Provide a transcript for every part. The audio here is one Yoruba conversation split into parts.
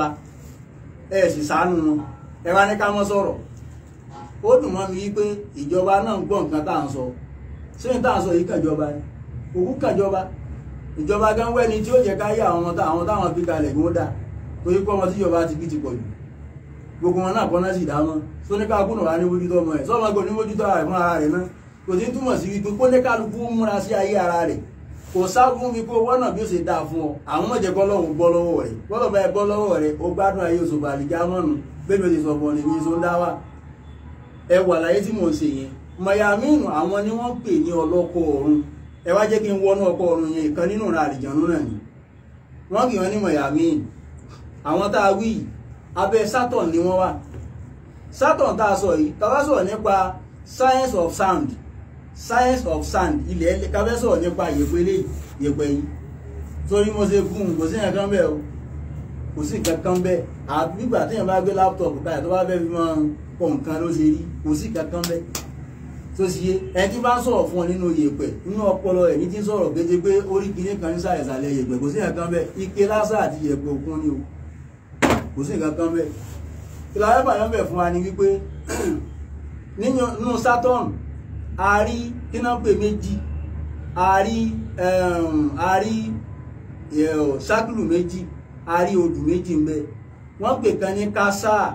la si sì ṣàánú wọn ẹ wá sọrọ o mọ́ sọ̀rọ̀ ó dùn mọ́ mi wípé ìjọba náà ń gbọ́ nǹkan tá à ń sọ ṣé ní tá à ń sọ yìí kànjọba ni òkú kànjọba ìjọba gan wẹ́ni tí ó jẹ́ ká yé àwọn táwọn táwọn fi kalẹ̀ gbó dà torí pé ọmọ ti bí ti pọ̀ kò ságun mi kó wọ́nà bí ó ṣe dáa fún ọ àwọn mọ̀jẹ̀ kọ́ lọ́hùn gbọ́ lọ́wọ́ rẹ̀ bá ẹ gbọ́ lọ́wọ́ rẹ̀ ó gbádùn ayé oṣù ti sọ̀bọ̀ ní mi tó ń ẹ wà láyé tí mò ń ṣe yẹn àwọn ni wọ́n pè ní ọlọ́kọ̀ ọ̀run ẹ wá jẹ́ kí n wọnú ọkọ̀ ọ̀run yẹn ìkan nínú ra a wí abẹ́ science of sand ilẹ̀ ẹlẹ́ káfẹ́ sọ̀rọ̀ nípa yèpẹ̀ eléyìí yèpẹ̀ yìí torí mo ṣe gún kò sí nǹkan bẹ́ẹ̀ o kò sí nǹkan kan bẹ́ẹ̀ àbígbà téèyàn bá gbé láptọ̀pù kalẹ̀ tó bá fẹ́ fi mọ pọ̀ nǹkan ló ṣe rí kò sí nǹkan kan bẹ́ẹ̀ tó ṣe yé ẹni tí bá ń sọ̀rọ̀ fún ọ nínú yèpẹ̀ nínú ọpọlọ ẹ̀ ní ti ń sọ̀rọ̀ gbèdé pé ó rí kan nísà ìsàlẹ̀ yèpẹ̀ kò sí nǹkan bẹ́ẹ̀ ike lásà àti yèpẹ̀ òkun ni o kò sí nǹkan kan bẹ́ẹ̀ ìlànà ìbàdàn bẹ̀ fún wa ni wípé nínú Saturn a rí kínápè méjì a rí ehm, a rí eh, ṣákìlù méjì a rí odù méjì ń bẹ wọ́n pè kan ní kásáà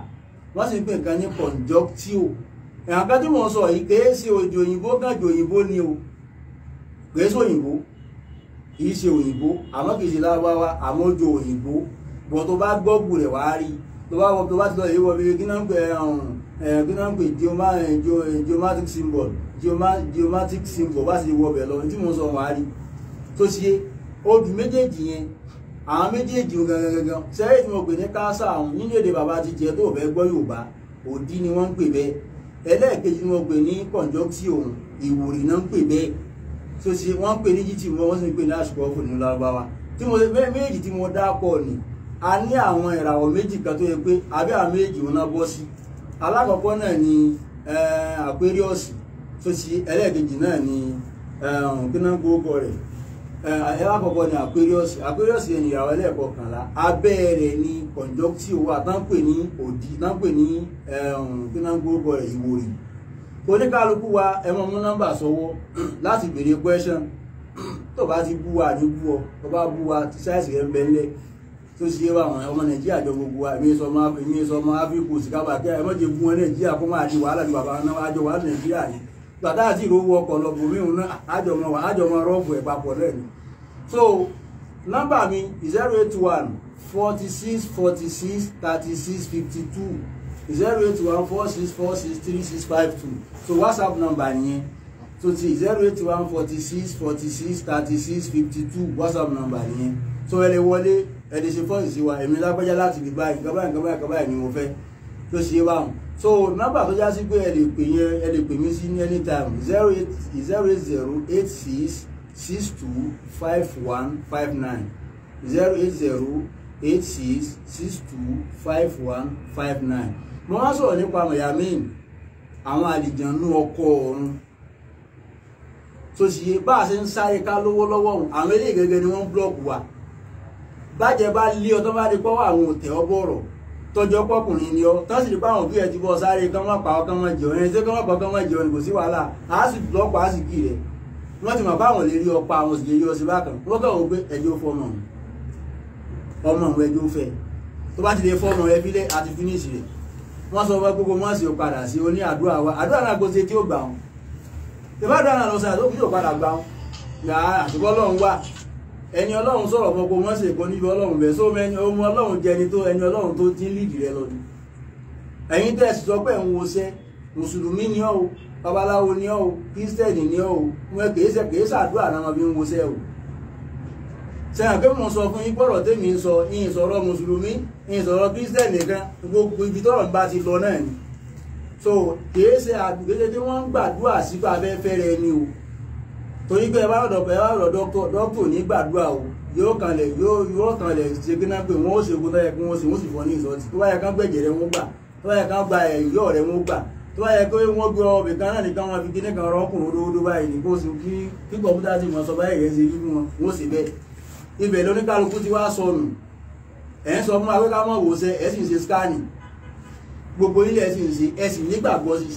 wọ́n sì pè kan ní conjunctio ẹ̀hàn kan tí mo sọ yìí kìí ṣe òjò òyìnbó kan jò òyìnbó ni o kìí ṣe òyìnbó kìí ṣe òyìnbó àmọ́ kìí ṣe lárúbáwá àmọ́ jò òyìnbó bọ̀ tó bá gbọ́gbù rẹ̀ wá rí tó bá tó bá ti lọ yìí wọ bíi kí náà ń pè ẹ̀hún ehm, gbẹ́nàgbẹ́ eh, eh, geomatic symbol geomatic symbol bá ṣe wọ bẹ̀ lọ tí mo sọ wọn á rí tó ṣe odù méjèèjì yẹn àwọn méjèèjì gangan sẹ́yìn tí mo pè ní káásà àwọn nínú èdè bàbá ti jẹ́ tó bẹ́ gbọ́ Yorùbá òdí ni wọ́n ń pè bẹ́ẹ̀ ẹlẹ́ẹ̀kejì ni mo pè ní kọ̀ǹjọ́tì òun ìwòrì náà ń pè bẹ́ẹ̀ tó ṣe wọ́n pè ní gt mo wọ́n sì ń pè ní àsìkò ọ̀fọ̀ nínú Lárúbáwá tí mo méjì tí mo dá pọ̀ ni a ní àwọn ìràwọ̀ méjì kan tó yẹ pé àbí àwọn méjì wọn náà bọ́ sí alákọ̀ọ́kọ́ náà ni eh, Aquarius tó ti ẹlẹ́ẹ̀kejì náà ni eh, kíná gbogbo rẹ̀ eh, alákọ̀ọ́kọ́ ni Aquarius Aquarius yẹn ni ìyàwó ẹlẹ́ẹ̀kọkànlá abẹ́ rẹ̀ ni conjunctive wà tánpè ní òdì tánpè ní kíná gbogbo rẹ̀ ìwòrì oníkálukú wa ẹ mọ mú nọ́mbà sọ́wọ́ láti béèrè question tó bá ti bú wa ní bú ọ tó bá bú wa ti ṣáìsì rẹ̀ ń bẹ́ńlẹ̀ tó ti yé wa ọmọ nàìjíríà jọ gbogbo wa èmi sọmọ èmi sọmọ áfíríkù sìkábà kẹ ẹ mọ̀jẹ̀ fún wọn nàìjíríà kó máa di wàhálà ju bàbá náà àjọ wà nàìjíríà yìí gbàtà àti ìrówó ọkọ̀ lọ́gbọ̀ mìíràn náà àjọ mọ wà àjọ rọ́ọ̀bù ẹ̀ papọ̀ náà ni. so nọ́mbà mi zero eight one forty six forty six thirty six fifty two zero eight one four six four six three six five two so whatsapp number nìyẹn tó ti zero eight one forty six forty six thirty six fifty two whatsapp number nìyẹn so ẹ lè wọlé ẹni ṣe fọ́ọ̀sì sí wa èmi lágbájá láti lè báyìí nǹkan báyìí nǹkan báyìí nǹkan báyìí ni mo fẹ́ ló ṣe báwọn so nọ́mbà tó já sí pé ẹ lè pè yẹn ẹ lè pè mí sí ní anytime zero eight zero eight zero eight six six two five one five nine zero eight zero eight six six two five one five nine mo wá sọ̀rọ̀ nípa mayamin àwọn àlìjànú ọkọ ọ̀run tó sì yé bá a ṣe ń sáré ká lówó lọ́wọ́ àwọn eléyìí gẹ́gẹ́ ni wọ́n ń búlọ́ọ̀kù wa bàjẹ́ bá lé ọ tó bá rí pọ́wọ́ àwọn òtẹ̀ ọ bọ̀rọ̀ tọjọ́ pọ́kùnrin ni ọ tán sì rí pàwọn òbí ẹ ti bọ́ sáré kán wọ́n pa ọ kán wọ́n jẹun ẹni tí kán wọ́n pa kán wọ́n jẹun kò sí wàhálà àá sì lọ́pàá á sì kì rẹ̀ wọ́n ti mọ̀ báwọn lè rí ọpa àwọn òsì lè rí ọsì bákan wọ́n kàn wọ́n pé ẹjọ́ fọmọ ọmọ òun ẹjọ́ fẹ́ tó bá ti lè fọmọ rẹ bílẹ̀ àti fínísì rẹ̀ wọ́n sọ fún gbogbo mọ́ọ̀sì ò padà sí oní àdúrà wa àdúrà náà kò ṣe tí ó gbà wọn ìbádọ́ náà lọ sọ àdúrà tó padà gbà wọn àtúbọ̀ lọ́run wà ẹni ọlọ́run sọ̀rọ̀ fún ọkọ̀ wọn ṣe ìkan níbi ọlọ́run bẹ̀ sóhun ẹni ohun ọlọ́run jẹ ẹni tó ẹni ọlọ́run tó ti ń lídìí rẹ lọ́dún ẹ̀yin tẹ́ sì sọ pé ń wọṣẹ́ mùsùlùmí ni ọ́ o babaláwo ni ọ́ o kírísítẹ́nì ni ọ́ o wọn kìí ṣe kìí ṣàdúrà náà wọn fi ń wọṣẹ́ o sẹ́yìn pé mo sọ fún yín gbọ́dọ̀ tèmi ń sọ ìyìn sọ̀rọ̀ mùsùlùmí ìyìn sọ̀rọ̀ kírísítẹ́nì kan gbogbo ibi tọ́rọ̀ ń bá ti lọ náà ni so kìí ṣe àgbègbè tí wọ́n ń gbàdúrà torí pé ẹ bá rọ̀dọ̀ ẹ bá rọ̀dọ̀ dọ́kítọ̀ nígbàdúrà o yóò kanlẹ̀ yóò yóò kanlẹ̀ ṣe gíná pé wọ́n ó ṣe kó tọ́yẹ kí wọ́n ṣe wọ́n sì fọ́ ní ìsọtí tó bá yẹ kán gbẹ̀jẹ̀ rẹ wọ́n gbà tó bá yẹ kán gba ẹ̀yọ́ rẹ wọ́n gbà tó bá yẹ kó wọ́n gbé ọbẹ̀ kan náà nìkan wọn fi kíní kan rọ́kùnrin olówó báyìí ní kó sì kí kí kọ̀m̀pútà ti mọ̀ sọ báyìí yẹn ṣe rí fún wọn wọ́n sì bẹ́ẹ̀ ibẹ̀ lóníkálukú ti wá sọnù ẹ̀ ń sọ fún akẹ́kọ̀ọ́ mọ̀ wòsẹ̀ ẹ̀ sì ń ṣe skáàni gbogbo ilé ẹ̀ sì ń ṣe ẹ̀ sì nígbàgbọ́ sí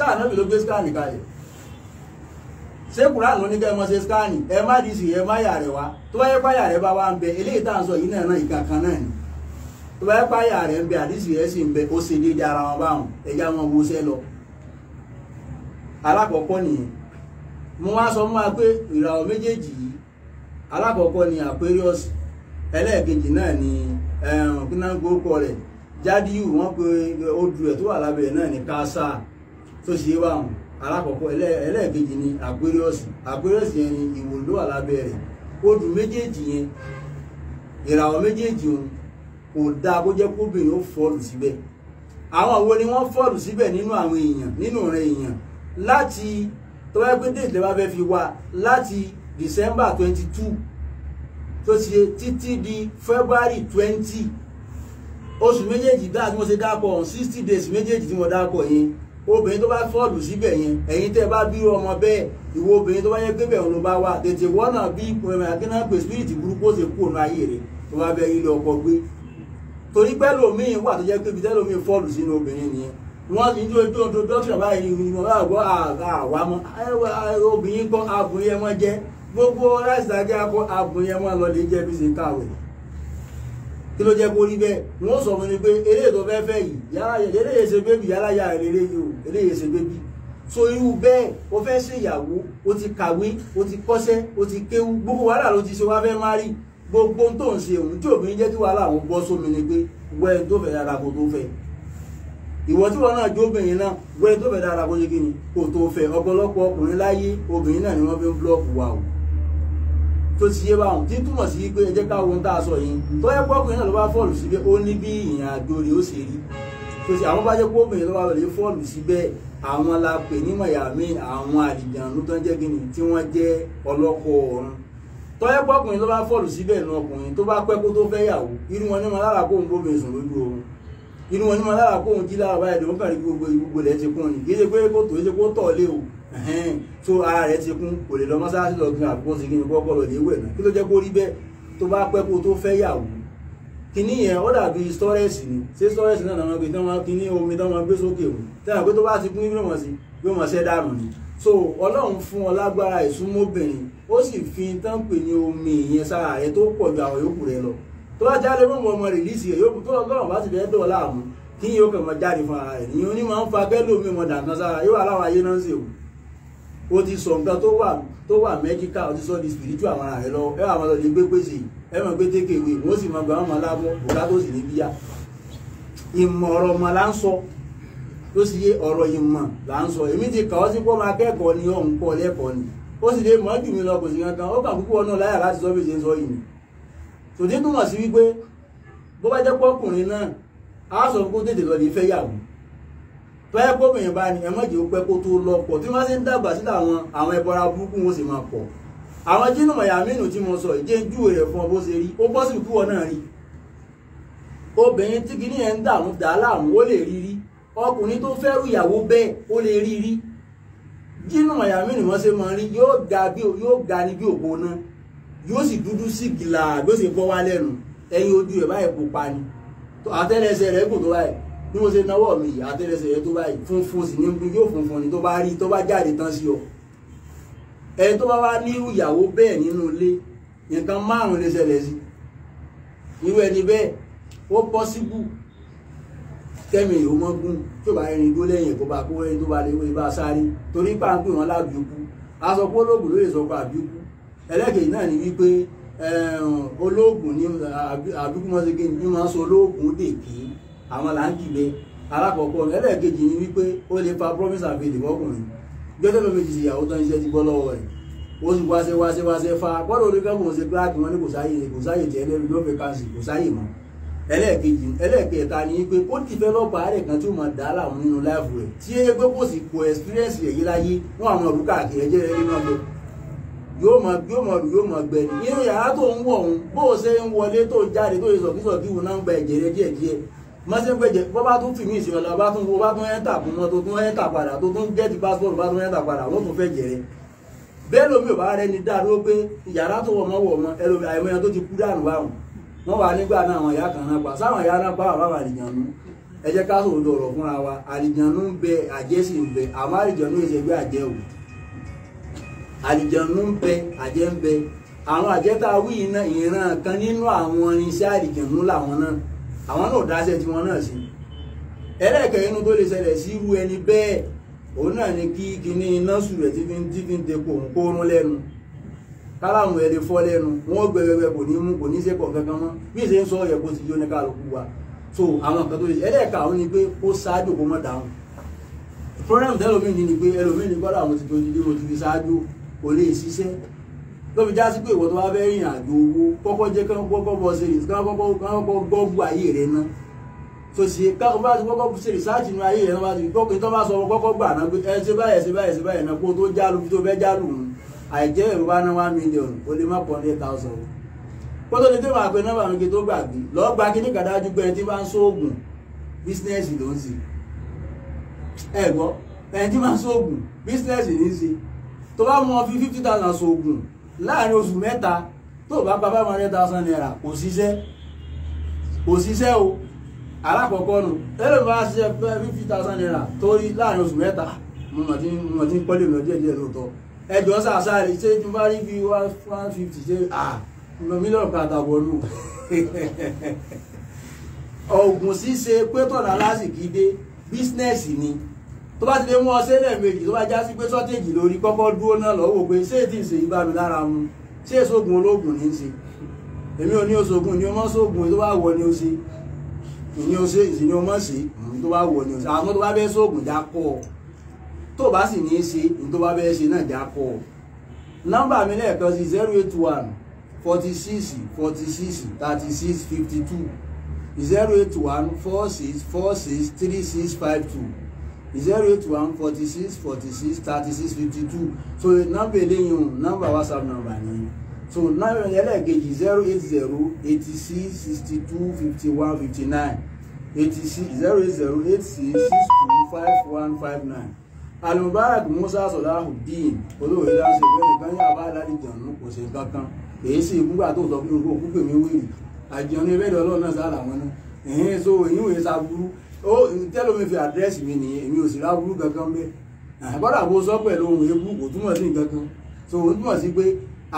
ṣé kùránù ní kẹ́ ẹ mọ ṣe skáàni ẹ má di sí ẹ má yà rẹ wá tó bá yẹ páyà rẹ bá wá ń bẹ eléyìí tá à ń sọ yìí náà náà ìka kan náà ni tó bá yẹ páyà rẹ ń bẹ àdìsí rẹ sì ń bẹ ó ṣe déédéé ara wọn báwọn ẹja wọn wo ṣẹ lọ. alákọ̀ọ́kọ́ nìyẹn mo wá sọ fún wa pé ìràwọ̀ méjèèjì yìí alákọ̀ọ́kọ́ ni Aquarius ẹlẹ́ẹ̀kejì náà ni kínáńgbókọ rẹ̀ Jádíù wọ́n pe odù rẹ̀ tó wà lábẹ́ náà ni kásá tó ṣe é báwọn alákọ̀ọ́kọ́ ẹlẹ́ẹ̀kejì ni Aquarius Aquarius yẹn ni ìwò ló wà lábẹ́ rẹ̀ odù méjèèjì yẹn ìràwọ̀ méjèèjì òun kò dáa kó jẹ́ kóbìnrin ó fọ́ọ̀lù síbẹ̀ àwọn wo ni wọ́n fọ́ọ̀lù síbẹ̀ nínú àwọn èèyàn nínú rẹ̀ èèyàn láti tó pé déètì bá fẹ́ fi wá láti December twenty two tó ti ṣe títí di February twenty oṣù méjèèjì dáa tí mo ṣe dáa pọ̀ sixty days méjèèjì tí mo dáa pọ̀ yẹn obìnrin tó bá fọ́ọ̀lù síbẹ̀ yẹn ẹ̀yin tẹ́ ẹ bá bí ọmọ bẹ́ẹ̀ ìwọ obìnrin tó bá yẹ pébẹ̀ òun ló bá wà tètè wọ́nà bí akínà pé spirit burúkú ó ṣe kú òun ayé rẹ̀ tó bá bẹ ilé ọkọ gbé torí pé lòmíì wà tó jẹ́ pé ibi tẹ́lòmíì fọ́ọ̀lù sínú obìnrin nìyẹn wọ́n ní ní ojú odò dókítà báyìí ni wọ́n bá gbọ́ àwa mọ́ obìnrin gbọ́ abùnrin jẹ́ gbogbo láìsí kí ló jẹ́ kó rí bẹ́ẹ̀ wọ́n sọ fún mi pé eléyìí tó fẹ́ẹ́ fẹ́ yìí yàrá yẹ eléyìí ṣe bébì yàrá yà rẹ̀ eléyìí o eléyìí ṣe bébì so irú bẹ́ẹ̀ o fẹ́ ṣe ìyàwó o ti kàwé o ti kọ́ṣẹ́ o ti kéwú gbogbo wàhálà ló ti ṣe wá fẹ́ má rí gbogbo tó ń ṣe òun tí òbí jẹ́ kí wàhálà òun bọ́ sómi ni pé wẹ́ẹ̀ tó fẹ́ dára kó tó fẹ́ ìwọ tí wọn náà jó obìnrin náà wẹ́ẹ̀ tó fẹ́ dára kó tó fẹ́ ọ̀pọ̀lọpọ̀ ọkùnrin láyé obìnrin náà ni wọ́n fi ń búlọ́ọ̀kù wa o tó ti yé báwọn tí túmọ̀ sí pé ẹ jẹ́ ká wo ohun tá a sọ yìí tó yẹ pọ́kùnrin náà ló bá fọ́ọ̀lù síbẹ̀ ó ní bí ìyìn àjò rẹ̀ ó ṣe rí tó ṣe àwọn bá jẹ́ pọ́kùnrin ló bá lè fọ́ọ̀lù síbẹ̀ àwọn la pè ní mọ̀yàmí àwọn àdìjànú tó ń jẹ́ gíní tí wọ́n jẹ́ ọlọ́kọ̀ ọ̀run tó yẹ pọ́kùnrin ló bá fọ́ọ̀lù síbẹ̀ nu ọkùnrin tó bá pẹ́ kó tó fẹ́ yàwó irú wọn ní mọ lára kóhun bóbin sùn lójú oorun irú wọn ní mọ lára kóhun jí lára báyìí ló ń kàrí gbogbo gbogbo tó ara rẹ̀ ti kún kò lè lọ mọ́sálásí lọ gbin àbúkọ́ sí kíni kọ́kọ́ lọ léwẹ̀ náà kí ló jẹ́ kó rí bẹ́ẹ̀ tó bá pẹ́ kó tó fẹ́ yàwó kíní yẹn ó dàbí stọ́rẹ́sì ni ṣé stọ́rẹ́sì náà náà gbé tán wọn kíní omi tán wọn gbé sókè o tẹ́lẹ̀ pé tó bá ti kún yóò mọ̀ sí yóò mọ̀ ṣẹ́ dànù ni so ọlọ́run fún ọ lágbára ìsúnmọ́bìnrin ó sì fi tán pè ní omi ìyẹn sára rẹ tó pọ̀ ju àwọn yòókù rẹ lọ tó bá jáde mọ́ ọmọ rìlíìsì rẹ yòókù tó ọlọ́run bá sì fẹ́ dọ̀ láàmú kí yóò kàn mọ́ jáde fún ara rẹ ìyẹn onímọ̀ ń fa kẹ́lómi mọ̀ dàgbọ́n sára yóò aláwọ̀ ayé náà ń ṣèwò o ti sọ nǹkan tó wà tó wà medical o ti sọ di spiritual àwọn ara rẹ lọ ẹ wà máa lọ di gbé ẹ máa gbé wọn sì máa bùkà tó sì ní bíyà ìmọ̀ ọ̀rọ̀ là ń sọ ló sì yé ọ̀rọ̀ ìmọ̀ là ń sọ èmi ti kà sí pọ́ máa ni ọ̀hún pọ̀ lẹ́kọ̀ọ́ ni ó sì lè mọ́ jù mí lọ kò sí kankan ó kà púpọ̀ náà láyà láti sọ sọ yìí tòdí túmọ̀ tọ́yẹ́ gómìnà bá ní ẹ̀mọ́jì ó pẹ́ kó tó lọ́pọ̀ tí wọ́n ṣe ń dàgbà sílẹ̀ àwọn àwọn ẹbọra burúkú wọn sì máa pọ̀ àwọn jínú mọ̀yàmínú tí mo sọ ìjẹ́ ju rẹ̀ fún ọ bó ṣe rí ó bọ́ sí ìkú wọn náà rí obìnrin tí kìíní ẹ̀ ń dààmú dà láàmú ó lè rí rí ọkùnrin tó fẹ́rù ìyàwó bẹ́ẹ̀ ó lè rí rí jínú mọ̀yàmínú wọn ṣe máa rí yóò ga ní bí òpó náà yóò sì dúdú sí gìlà bí ó sì bọ́ wá lẹ́nu ẹ̀yìn ojú ẹ̀ báyìí pupa ni àtẹ́lẹsẹ̀ rẹ̀ gùn tó báyìí bí mo ṣe náwó mi yìí àtẹ́lẹsẹ̀ yẹn tó báyìí funfun sì ni yóò funfun ni tó bá rí tó bá jáde tán sí ọ ẹni tó bá wá ní ìyàwó bẹ́ẹ̀ nínú ilé nǹkan márùn-ún lè ṣẹlẹ̀ sí irú ẹni bẹ́ẹ̀ ó pọ́síbù kẹ́mi ìhó mọ́gún tó bá rìn igbó lẹ́yìn kó bá kó ẹni tó bá lè wé bá sáré torí páńpé wọn lábìúkú aṣọ pé olóògùn ló lè sọ pé àbíúkú ẹlẹ́kẹ̀ẹ́ náà ni wípé olóògùn ni àbíúkú mọ́ sí kí ni bí wọ́n sọ olóògùn dèké àwọn là ń kìlẹ̀ alákọ̀ọ́kọ́ ẹlẹ́ẹ̀kejì ni wípé ó lè fa promise and faith fọkùnrin jọ́jọ́ ló méjì ìyàwó tán iṣẹ́ ti bọ́ lọ́wọ́ rẹ̀ ó sì wáṣẹ́ wáṣẹ́ wáṣẹ́ fa bọ́dọ̀ oníkẹ́kùn ṣe kíláàkì wọn ní kò sáyè kò sáyè tiẹ̀ lẹ́nu ló fẹ́ káàsì kò sáyè mọ́ ẹlẹ́ẹ̀kejì ẹlẹ́ẹ̀kẹta ni wípé ó ti fẹ́ lọ́ọ́ bá rẹ̀ kan tí ó máa dá láwọn nínú láìfù rẹ̀ tí é pé kò sì kò experience rẹ̀ yí láyé wọn àwọn ọ̀rú káàkiri ẹjẹ́ rẹ̀ nínú ọgbẹ́ yóò mọ yóò mọ yóò mọ gbẹ ni inú yàrá tó ń wọ̀ òun bó o ṣe ń wọlé tó jáde tó ṣe sọ̀kísọ̀kí wọn náà ń gba ẹ̀jẹ̀ rẹ̀ díẹ̀díẹ̀ mọ́sí gbẹ̀jẹ̀ bọ́ bá tún fìmí ìṣẹ̀lẹ̀ lọ bá tún bó bá tún ẹ́ńtà bó mọ́ tó tún ẹ́ńtà padà tó tún gẹ́ẹ̀tì pásítọ̀rù bá tún ẹ́ńtà padà wọ́n tún fẹ́ jẹ̀rẹ̀ bẹ́ẹ̀ lómi ò bá rẹ ni dáa ló pé yàrá tó wọ̀ mọ́ wọ̀ mọ́ ẹlòmí àìmọye tó ti kú dànù báwọn wọ́n wà nígbà náà àwọn ìyá kan náà pa sáwọn ìyá náà pa àwọn àwọn àlìjànú ẹ jẹ́ ká sòrò dọ̀rọ̀ fúnra wa àlìjànú ń bẹ àjẹ́ sì ń bẹ àmọ́ àlìjànú ìṣègbè àjẹ́ òun àlìjànú ń bẹ àjẹ́ ń bẹ àwọn àjẹ́ tá a wí iná ìran kan nínú àwọn irinṣẹ́ àlìjànú làwọn náà àwọn náà dáṣẹ́ tí wọ́n náà sí ẹlẹ́ẹ̀kẹ́ inú tó lè ṣẹlẹ̀ sí irú ẹni bẹ́ẹ̀ òun náà ni kí kíní iná sùn rẹ̀ tí fi ń tí fi ń dekò òun kó rún lẹ́nu káláwọn ẹ̀ lè fọ́ lẹ́nu wọ́n gbẹgbẹgbẹ kò ní mú kò ní ṣe pọ̀ kankan mọ́ bí ìṣe ń sọ ọ̀yẹ̀ kó ti yó ní kálukú wa so àwọn nǹkan tó lè ṣe ẹlẹ́ẹ̀ka òun ni pé ó ṣáájú kó mọ́ dáhùn program tẹ́lómi ni ni pé ẹlòmíì kọ́lá àwọn ti tó ti dé mo ti fi ṣáájú kò lè ṣiṣẹ́ ló fi já sí pé ìwọ tó bá fẹ́ rìn àjò owó kọ́kọ́ jẹ́ kí wọ́n kọ́kọ́ bọ́ ṣe rìn kí wọ́n kọ́kọ́ gọ́gù ayé rẹ ná tó ṣe káwọn bá ti kọ́kọ́ ṣe rìsáàtì nínú ayé rẹ náà bá ti kọ́kọ́ tó bá sọ wọn kọ́kọ́ gbà náà pé ẹ ṣe báyìí ẹ ṣe báyìí ẹ ṣe báyìí náà kó tó jálù tó fẹ́ jálù ń àìjẹ́ èrò bá ná one million ó lè má pọ̀ ní eight thousand o kó tó ní tó máa pe nọ́mbà mi kí tó gbàgbé lọ́ọ́ gba kíní kàdájú pé ẹni tí bá ń sóògùn bísínẹ́sì ló ń ṣe ẹ gbọ́ ẹni tí bá ń sóògùn bísínẹ́sì ní í ṣe tó bá mú ọ fi fifty thousand sóògùn láàrin oṣù mẹ́ta tó o bá gba five hundred thousand naira kò ṣiṣẹ́ kò ṣiṣẹ́ o alákọ̀ọ́kọ́ nù ẹlòmíràn bá ṣiṣẹ́ fifty thousand naira torí láàrin oṣù mẹ́ta mo mọ̀ tí mo ti ń pọ́lé mi lọ́dẹ̀ díẹ̀ lóòótọ́ ẹjọ́ sàṣàrì ṣé tí mo bá rí bí one fifty ṣe ah mílíọ̀nù kan àtàwọn ọ̀gùn ṣíṣe pé lásìkò dé bísínẹ́sì ni tó bá ti lè mú ọsẹ lẹ́ẹ̀mejì tó bá já sí pé sọ́tẹ̀jì lórí kọ́kọ́ dúró náà lọ́wọ́ pé ṣé ètí ìṣe ìgbà mi lára mu ṣé èsògùn ológun ní í ṣe èmi ò ní oṣogun ni o mọ́ sógun tó bá wọ ni o ṣe ni o ṣe ìsìn o mọ́ ṣe tó bá wọ ni o ṣe àwọn tó bá bẹ́ sógun já kọ́ ọ tó bá sì ní í ṣe ní tó bá bẹ́ ṣe náà já kọ́ ọ nọ́mbà mi lẹ́ẹ̀kan sí zero eight one forty six forty six thirty six fifty two zero eight one four six four six three six five two zero eight one forty six forty six thirty six fifty two so nọ́mbà eléyìí o nọ́mbà whatsapp nọ́mbà nìyẹn so nọ́mbà ẹlẹ́ẹ̀kejì zero eight zero eighty six sixty two fifty one fifty nine eighty six zero eight zero eight six six two five one five nine alimubarak musa sọláhùdín olóòwe láti ìwé nìkan yà bá aládì jànú kò ṣe kankan èyí sì gbúgbà tó sọ fún mi kó kúpè mí wéèrè àjẹun ní ìbéèrè ọlọ́run náà sára wọn náà ẹ̀hìn so èyí ò yẹ sá burú ó tẹ́lómi fi àdírẹ́sì mi nìyẹn èmi ò sì ráburú kankan bẹ́ẹ̀ àbọ̀dà bó sọ pẹ̀lú ohun ebú kò túmọ̀ sí nǹkan kan so ó túmọ̀ sí pé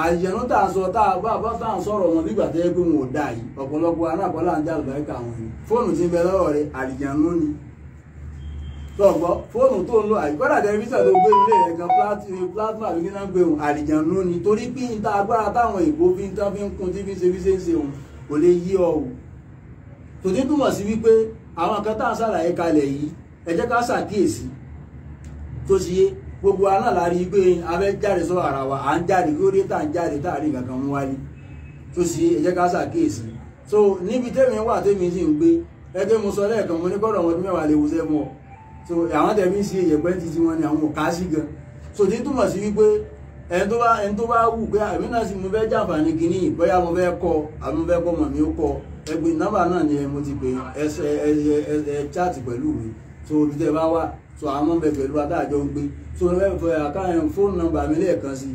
àyẹ̀nú tá a sọ tá a bá bá tá a sọ̀rọ̀ wọn nígbà tẹ́ pé wọn ò dà yìí ọ̀pọ̀lọpọ̀ arábọ́lá ń dàgbà ẹ̀ka wọn ni fóònù ti ń bẹ lọ́wọ́ rẹ àlìjànú ni tọ̀gbọ́ fóònù tó ń lo àyíkọ́dà tẹlifíṣà tó gbé ilé rẹ̀ kan eh, plasma bí kíná gbé wọn àlìjànú ni torí pé ń ta agbára táwọn èèbó fi ń tán fi ń kun tí fi ń ṣe fi ṣe ń ṣe òun kò lè yí ọ o tòtí túmọ̀ sí wípé àwọn kan tá à ń ṣàlàyé kalẹ̀ yìí ẹ jẹ́ ká ṣàkíyèsí tó ti yé gbogbo aláàlárí pé abẹ́ jáde sọ ara wa à ń jáde kí ó dé tá à ń jáde tá à rí nǹkan kan mú wálé tó ti yé ẹ ká so níbi tẹ́mi wà tẹ́mi sì so àwọn tẹ̀mí sí ti ti wọn ni àwọn sí gan so ti túmọ̀ sí wípé ẹni tó bá ẹni tó bá wù pé àmì náà sì mo ẹgbẹ nọ́mbà náà ni mo ti pè ẹ ẹ chat pẹ̀lú mi tó ibi tẹ́ bá wà tó àwọn ọmọ bẹ̀rẹ̀ pẹ̀lú adájọ́ ń gbé tó ní bẹ́ẹ̀ fẹ́ àkáyàn fóònù nọ́mbà mi lẹ́ẹ̀kan sí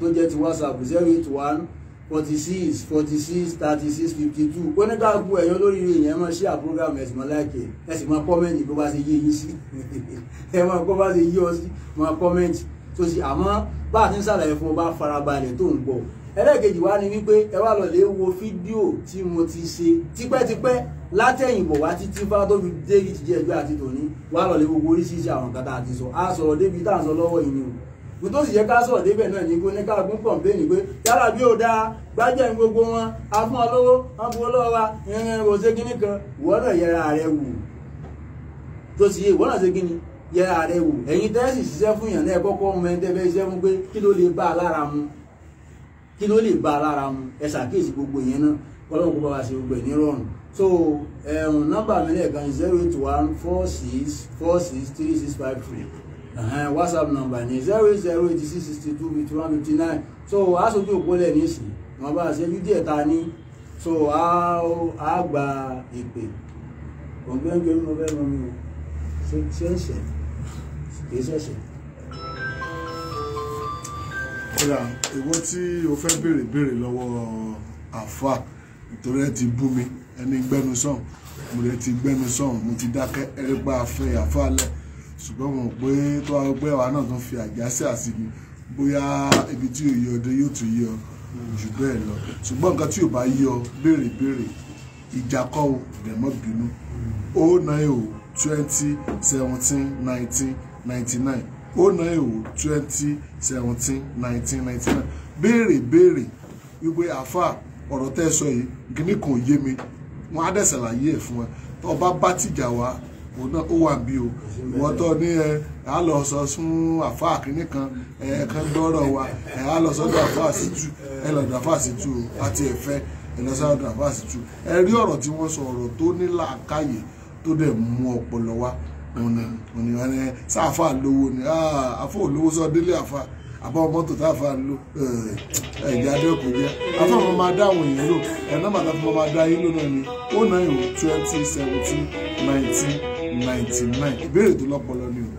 tó jẹ́ ti whatsapp zero eight one forty six forty six thirty six fifty two oníkàkú ẹ̀yọ́ lórí èèyàn máa share program ẹ sì máa like ẹ sì máa comment bó bá ṣe yé yín sí ẹ máa kó bá ṣe yé ọ sí máa comment tó sì àmọ́ bá a ti ń ṣàlàyé fún ọ bá farabalẹ̀ tó ń gbọ́ ẹlẹ́ẹ̀kejì wá ni wípé ẹ wá lọ lè wo fídíò tí mo ti ṣe tipẹ́tipẹ́ látẹ̀yìnbọ̀ wá títí fá tó fi dé ìtìjẹ ẹgbẹ́ àti tòní wá lọ lè gbogbo oríṣiríṣi àwọn nǹkan tá a ti sọ a sọ̀rọ̀ débi tá à ń sọ lọ́wọ́ yìí ni o mo tó sì yẹ ká sọ̀rọ̀ débẹ̀ náà ní kó ní káàkún kọ̀m̀péènì pé yálà bí ó dáa gbájẹ́ ní gbogbo wọn a fún ọ lówó wọn fún ọ lọ́wọ́ wa ìrìn kò ṣe kíní kan ìwọ náà yẹra rẹ wò tó sì yẹ ìwọ náà ṣe kíní yẹra rẹ wò ẹ̀yin tẹ́sì ṣiṣẹ́ fún yàn náà ẹ kọ́kọ́ mọ ẹni tẹ́ ṣiṣẹ́ fún pé kí ló lè bá a lára mu kí ló lè bá a lára mu ẹ ṣàkíyèsí gbogbo yẹn náà kọ́lọ́ kó bá ṣe gbogbo ẹ̀ nírọ̀rùn so ẹ̀rùn nọ́mbà mi lẹ́ẹ̀kan zero eight one four six four six three six five three whatsapp number ni zero eight zero eight six sixty two fifty one fifty nine so aṣojú òpó lẹ̀ nísìnyí wọn bá ṣe ju díẹ̀ ta ní so a gba ìpè òǹgbẹ́ngbẹ́ mi ò fẹ́ mọ mi o ṣe ń ṣe kì í ṣẹ̀ṣẹ̀ ọ̀yà èwo tí o fẹ́ béèrè béèrè lọ́wọ́ àfa nítorí ẹ ti bú mi ẹni gbẹnu sàn mo lè ti gbẹnu sàn mo ti dákẹ́ ẹni pa àfẹ́ àfa alẹ́ ṣùgbọ́n mo pé tó a gbé wa náà tún fi àjásí àsìkò bóyá ibi tí òye ọdẹ yóò tún yí ọ jù bẹ́ẹ̀ lọ ṣùgbọ́n nǹkan tí ò bá yí ọ béèrè béèrè ìjàkọ́ ò dẹ̀mọ́ bínú ó náà ò twenty seventeen nineteen ninety nine ó ná èwò twenty seventeen nineteen ninety nine béèrè béèrè wípé àáfà ọ̀rọ̀ tẹ́ ẹ sọ yìí gíní kan ò yé mi wọ́n á dẹ̀sẹ̀ láyé ẹ̀ fún ẹ tó bá bá tìjà wá òun náà ó wà bí o ìwọ́n tó ní ẹ á lọ sọ fún àáfà kínní kan ẹ kan dọ́rọ̀ wa ẹ á lọ sọ́dọ̀ àáfà Sítú ẹ lọ́dọ̀ àáfà Sítú àti ẹ̀fẹ́ ẹ lọ sọ́dọ̀ àáfà Sítú ẹ rí ọ̀rọ̀ tí wọ́n sọ ọ̀rọ̀ tó ní làákàyè tó dẹ̀ mú ọpọlọ wá òun ni òun ni wọn ni sáfà ah, ni àfọ olówó sọ délé àfà àbá ọmọ tó tá a fa lo ẹ̀jẹ̀ adẹ́kùn jẹ́ afẹ́fọ́ máa dá àwọn èèyàn lò ẹ̀nà bàtà fún máa dá yín lónà ní ó náà ìwò twenty seventeen nineteen ninety nine ìbéèrè tó lọ́pọ̀lọ́ ni o.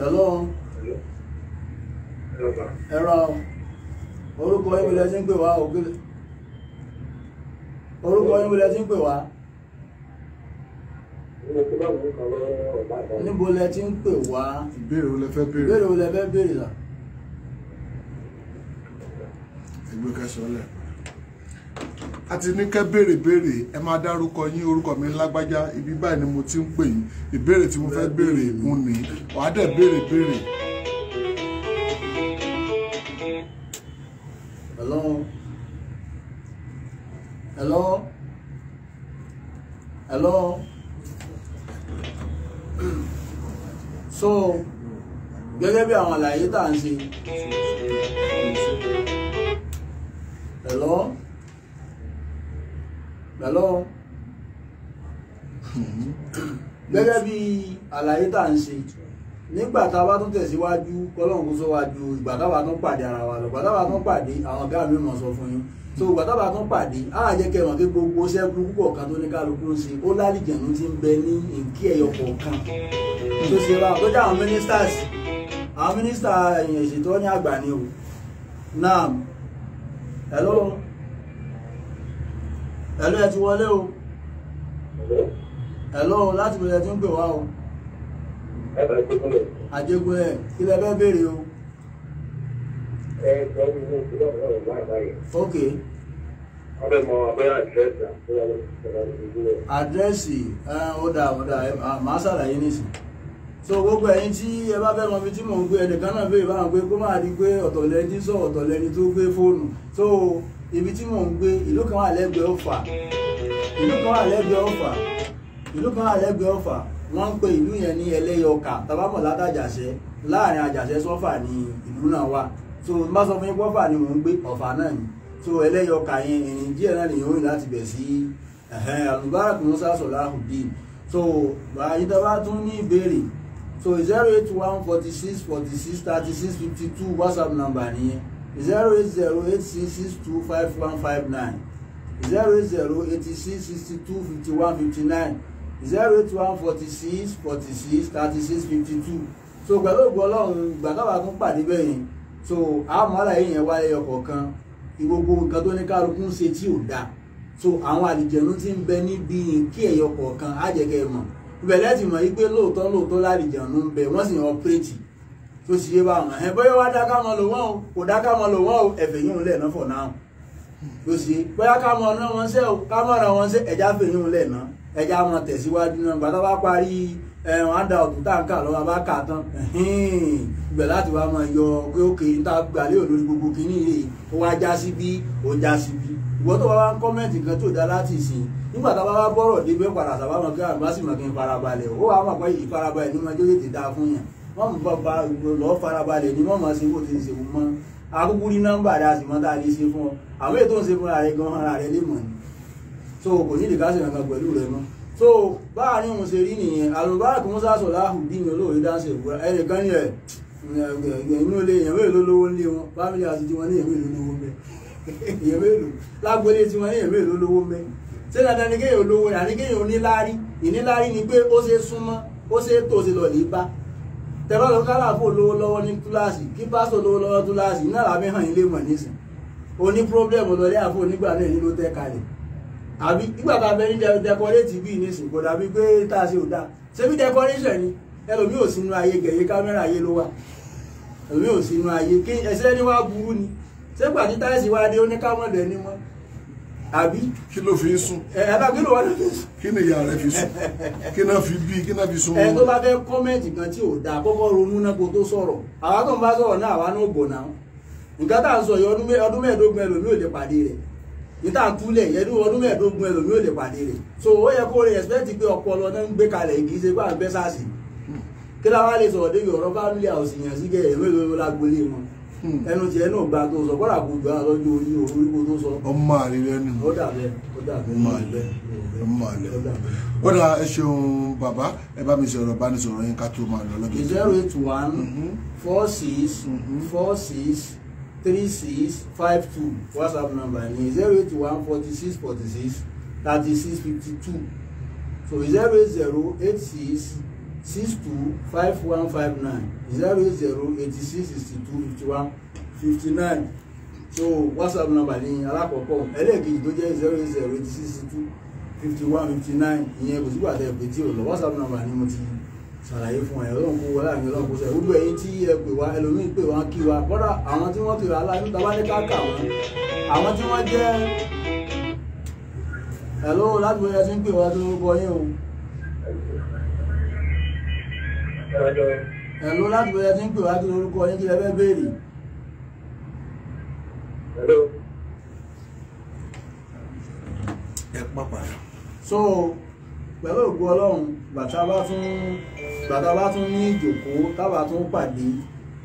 hello ẹ̀rọ orúkọ yín wílẹ̀ tí ń pè wá orúkọ yín wílẹ̀ tí ń pè wá níbo lẹ ti ń pè wá ìbéèrè wo lẹ béèrè ìbéèrè wo lẹ béèrè là. ẹgbẹ́ kẹsàn-án lẹ̀ a ti ní kẹ́ béèrè béèrè ẹ máa dárúkọ yín orúkọ mi lágbájá ibi báyìí ni mo ti ń pè yín ìbéèrè tí mo fẹ́ béèrè mo ní wàá dẹ̀ béèrè béèrè. hello hello hello so gẹ́gẹ́ bí àwọn àlàyé tá à ń ṣe hello hello gẹ́gẹ́ bí àlàyé tá à ń ṣe nígbà tá a bá tún tẹ̀síwájú kọ́lọ́hún kó sọ́wájú ìgbà táwa tún pàdé ara wa lọ ìgbà táwa tún pàdé àwọn ọ̀gá mi mọ̀ sọ fún yín so gbàtàbà tún pàdé á jẹ́ kẹ́ mọ̀ pé gbogbo sẹ́kù púpọ̀ kan tó ní kálukú ń ṣe ó lálìjànú ti ń bẹ ní ìkí ẹ̀yọ kọ̀ọ̀kan tó ṣe bá lọ́jà àwọn ministers àwọn minister èèyàn ìṣètò ní àgbà ni o náà hello hello ẹ ti wọlé o hello láti bẹ̀rẹ̀ tí ń pè wá o Àjẹgúnlẹ̀ kí lẹ fẹ́ béèrè o. Okay. Àdírẹ́sì ó dáa ó dáa màá ṣàlàyé So gbogbo ẹ̀yin tí ẹ bá fẹ́ mọ tí mò ń gbé ẹnìkan náà fèrè báwọn pé kó máa di pé ọ̀tọ̀ tí sọ ọ̀tọ̀ tó gbé fóònù. So ibi tí mò ń gbé ìlú kan wà lẹ́gbẹ̀ẹ́ Ọ̀fà. Ìlú kan wà lẹ́gbẹ̀ẹ́ Ọ̀fà. Ìlú kan wà lẹ́gbẹ̀ẹ́ Ọ̀fà. Wọ́n ń pe ìlú yẹn ní ẹlẹ́yọkà tàbámọ̀ látàjàṣẹ́ láàrin àjàṣẹ́ sọ́fà ni ìlú náà wà. so bá sọ fún yín pọ́fà ni mò ń gbé ọ̀fà náà ni so ẹlẹ́yọkà yẹn ìrìn díẹ̀ náà nìyẹn òyìn láti bẹ̀ sí alùbárà kì wọ́n sá sọ̀rọ̀ àhùdí so àyídábá tún ní ìbéèrè so zero eight one forty six forty six thirty six fifty two whatsapp number nìyẹn zero eight zero eight six six two five one five nine zero eight zero eight six sixty two fifty one fifty nine zero eight one forty six forty six thirty six fifty two so pẹ̀lú ògbọ́n ọlọ́run gbàgbọ́ wa tún pàdé so àmọ́ra yìí yẹn wáyé ọkọ̀ kan ìwogbo nǹkan tó ní kálukú ń ṣe tí ò dáa so àwọn àlìjẹ̀nu ti ń bẹ níbi kí ẹ̀yọ kọ̀ọ̀kan á jẹ́ kẹ́ ẹ mọ̀ ìbẹ̀lẹ́ ti mọ̀ yí pé lóòótọ́ lóòótọ́ lálìjẹ̀nu ń bẹ wọ́n sì ń ọpẹ́rẹ́tì tó sì yé báwọn ẹ̀ bóyá wá dá ká mọ lò wọ́n o kò dá ká mọ lò wọ́n o ẹ̀fẹ̀ yìí ń lẹ̀ náà fọ̀ náà tó sì yé bóyá ká mọ ọ̀nà wọn sẹ́ o ká mọ ọ̀nà wọn sẹ́ ẹ̀já fẹ̀ yìí ń lẹ̀ náà ẹ̀já mọ tẹ̀síwájú náà gbàtà bá parí ẹ wọn á da ọ̀gùn tá à ń kà lọ́wọ́ bá kà tán ibẹ̀ láti wá máa yọ pé ó kéré tá a gbà lé gbogbo kínní rèé ó wá já sí bí ó já sí bí kan tó dá láti ìsìn nígbà tá a bá wá bọ́rọ̀ débẹ̀ padà sábà máa kí àgbà sì máa kí n farabalẹ̀ ó wàá máa pẹ́ ìfarabalẹ̀ ní tètè dáa fún yàn wọ́n mú bàbá lọ́ọ́ farabalẹ̀ ní ni so kò ní pẹ̀lú so báàrin òun ṣe rí nìyẹn àlùbáàkì musa sọláhù dín ní olóòwe dáńsẹ̀ ìwúra ẹnìkan ní ẹ̀ ẹ̀yìn olè èèyàn mélòó ló lówó nílé wọn fámìlì àti tiwọn ní èèyàn mélòó lówó mẹ́ èèyàn mélòó lágbélé tiwọn ní èèyàn mélòó lówó mẹ́ ṣé dandan ni kéèyàn lówó rẹ̀ àní kéèyàn oníláárí ìníláárí ni pé ó ṣe súnmọ́ ó ṣe tòṣe lọ lè bá tẹ̀rọ̀ lọ kálàfó lówó lọ́wọ́ ní kíláàsì kí pásítọ̀ lówó àbí nígbà tá a bẹ ní dẹkọrétì bíi dàbí pé tá a ṣe ò dáa bí ni ẹlòmí ò sínú ayé gẹ̀yẹ kámẹ́rà ayé ló wà ẹlòmí ò sínú ayé ni wá burú ni sẹ́gbà tí táìsì wá dé ó ni wọ́n àbí. kí ló fi sùn. ẹ ló wà ló fi sùn. kí ni ìyá rẹ fi sùn kí náà fi bí kí náà fi sùn. ẹ tó bá kan tí ò dáa ronú náà kó tó tó ń bá ìta ń túlẹ̀ yẹnu ọdún mẹ́ẹ̀ẹ́dógún ẹlòmí ò lè pàdé rẹ̀ so ó yẹ kó rẹ̀ ẹ̀sìpẹ́ẹ̀tì pé ọpọlọ náà ń gbé kalẹ̀ kì í ṣe pé à ń bẹ́ sáàsì kí láwa lè sọ̀rọ̀ débi ọ̀rọ̀ fámìlì àwòsìyàn sí kẹ́ ẹ̀rọ ìlú lágbólé wọn ẹnu tiẹ̀ náà gba tó sọ kọ́dà kó jọ àlọ́jọ́ orí oríko tó sọ. ọmọ àlè lẹ́nu ọ̀dà bẹ́ẹ̀ ọ̀dà bẹ́ẹ̀ ọmọ àlè ọ̀dà ẹ ṣeun bàbá ẹ bá mi sọ̀rọ̀ one four six three six five two whatsapp number ni zero eight one forty six forty six thirty six fifty two so zero eight zero eight six six two five one five nine zero eight six sixty two fifty one fifty nine so whatsapp number ni alákọ̀ọ́kọ́ ẹlẹ́ẹ̀kejì tó jẹ́ zero zero sixty two fifty one fifty nine ìyẹn kò sígbà tẹ̀ pé tí o lọ whatsapp number ni mo ti ṣàlàyé fún ẹ ọlọ́run kó wọlé àmì ọlọ́run kó sọ ìwúlò ẹ̀yin tí ẹ pè wá ẹlòmíín pè wá kí wa bọ́dà àwọn tí wọ́n ti rà láyé níta bá ní káàkà wọn àwọn tí wọ́n jẹ́ ẹ̀ló láti wọ́n yẹ sí ń pè wá tó lórúkọ yín o. ẹ̀ló láti wọ́n yẹ sí ń pè wá tó lórúkọ yín kí lẹ fẹ́ béèrè. ẹ pàpà. so pẹ̀lú ògbó ọlọ́run bàtà bá fún gbàtà bá tún ní ìjòkóó táwa tún pàdé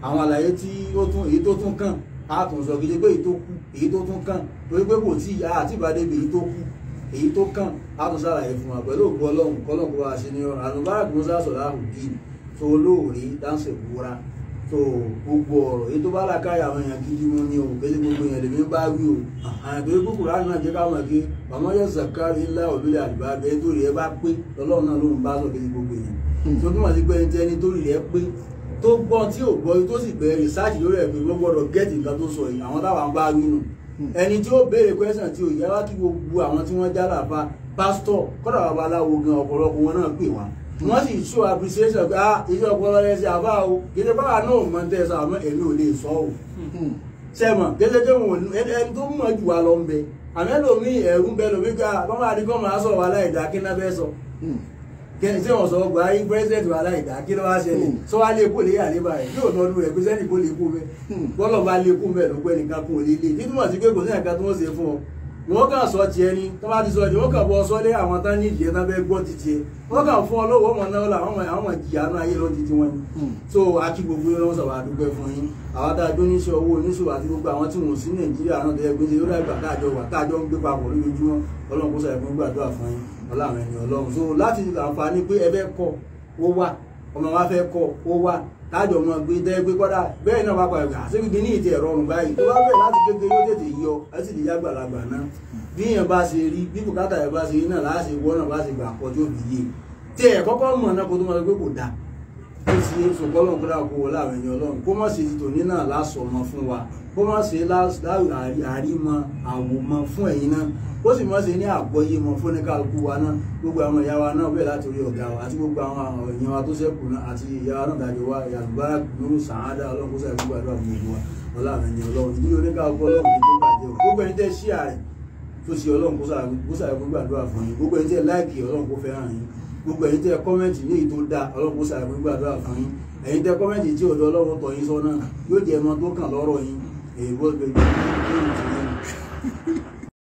àwọn àlàyé tí ó tún èyí tó tún kàn á tún sọ kìí ṣe pé èyí tó kù èyí tó tún kàn torí pé kò tí ì àti ìbádébí èyí tó kù èyí tó kàn á tún ṣàlàyé fún wa pẹ̀lú òkú ọlọ́run kọ́lọ́run kó bá a ṣe ní ọ̀run àlùbárà kò ń sá sọ̀rọ̀ àrùn bíi tó olóòrí dáńsẹ̀ wúra tó gbogbo ọ̀rọ̀ èyí tó bá làkàyà àwọn èèyàn gidi wọn ni o kéde gbogbo èèyàn lèmi bá wí o àwọn ìgbé kúkúrú àná jẹ́ káwọn ẹ̀kẹ́ màmá yẹ zakari ńlá òlúlẹ̀ àdìbá bẹ́ẹ̀ tó ẹ bá pé lọ́lọ́run náà ló bá sọ kéde gbogbo èèyàn tó hmm. túmọ̀ sí pé ẹni tí ẹni tó rí rẹ̀ pé tó gbọ́ tí ò gbọ́ tó sì bẹ̀rẹ̀ rìsáàjì lórí ẹ̀mí wọ́n gbọ́dọ̀ gẹ́ẹ̀tì nǹkan tó sọ yìí àwọn táwọn bá rí nù hmm. ẹni tí ó béèrè kwẹ́sàn tí ò yẹ wá kí gbogbo àwọn tí wọ́n já làfa pásítọ̀ kọ́dà babaláwo gan ọ̀pọ̀lọpọ̀ wọn náà pè wá hmm. wọ́n sì show appreciation pé ah iṣẹ́ ọpọlọ rẹ ṣe àbá o gẹ́gẹ́ báwa náà mọ̀ ń tẹ̀sán àmọ́ èmi ò lè sọ ọ́ sẹ́mọ̀ gẹ́gẹ́ tó mọ̀ ẹni tó mọ̀ jù wá lọ ń bẹ àmẹ́lòmí ẹ̀rú ń bẹ lòmí ká bọ́mọ adigun máa sọ̀rọ̀ wà láì kí náà bẹ́ sọ kẹsẹ ọsọ gba yín president wàhálà ìdá kí ló wá ṣẹlẹ̀ sọ hmm. wá lè kó lè yà lébà rẹ yóò tọdún rẹ pèsè ẹnì kó lè kó bẹ hmm. bọlọ bá lè kó bẹ lọgbẹ nìkan kó lè lè nítorí àti pé kò sí ẹ̀ka tó ń ṣe fún ọ wọn kàn sọ tiẹ̀ ni tó bá ti sọ ni wọn kàn bọ sọlé àwọn tán ní ìdíyẹ tán fẹ́ gbọ́ ti wọn kàn fún ọ lọ́wọ́ ọmọ náà la àwọn àwọn náà ayé lọ ti wọn hmm. so akí gbogbo yẹn lọ́wọ́ sọ̀rọ̀ àdúgbò fún yín àwọn adájọ́ oníṣẹ́ owó oníṣòwò àti gbogbo àwọn tí wọ́n sí Nàìjíríà náà tó yẹ pé ṣe lórí àgbà táàjọ wà táàjọ ń fún yín ọlọ́run ẹni ọlọ́run so láti àǹfààní pé ẹ fẹ́ kọ́ ó wà ọmọ wa fẹ́ kọ́ ó wà tájọ ọmọ gbé dẹ́ gbé kọ́dà bẹ́ẹ̀ náà wà pàrọ̀ àṣírí ní ìtì ẹ̀rọ ọ̀run báyìí tó bá bẹ̀rẹ̀ láti kékeré ó tètè yọ ẹ sì lè yá gbàlagbà náà bí èèyàn bá ṣe rí bí bùkátà ẹ̀ bá ṣe rí náà láṣẹ wọ́n náà bá ṣe gbà pọ̀ tó bìyẹ tí ẹ̀ kọ́kọ́ mọ̀ náà kó tó máa gbé kò dáa ó sì yé sọ kọ́lọ́n kó dàkú wọlé àwọn ẹni ọlọ́run kó má ṣe tòní náà lásọmọ fún wa kó má ṣe àrímọ àwòmọ fún ẹ̀yin náà kó sì má ṣe ní àgbọ́yé mọ fún oníkàlùkù wa náà gbogbo àwọn ìyá wa náà bẹ́ẹ̀ láti orí ọ̀gá wa àti gbogbo àwọn èèyàn wa tó ṣẹ́kù náà àti ìyá wa náà dájọ́ wa yàgbá nínú sàádà ọlọ́run kó sàyẹ̀ gbogbo àdúrà gbogbo wa ọlá àwọn ẹni ọlọ́run ìdílé oníkàlùkù ọlọ́run tó bàjẹ́ gbogbo ẹni tẹ́ ṣíà rẹ̀ tó ṣe ọlọ́run kó sàyẹ̀ gbogbo àdúrà fún yín gbogbo ẹni tẹ́ láìkì ọlọ́run kó fẹ́ràn yín gbogbo ẹ̀yin tẹ́ kọ́mẹ̀ntì ní èyí tó dáa ọlọ́run kó sàrẹ̀ gbogbo àdúrà fún yín ẹ̀yin tẹ́ kọ́mẹ̀ntì tí ọ̀dọ̀ ọlọ́run tọ̀ yín sọ́nà yóò jẹ́ ẹ̀mọ tó kàn lọ́rọ̀ yín èyí bó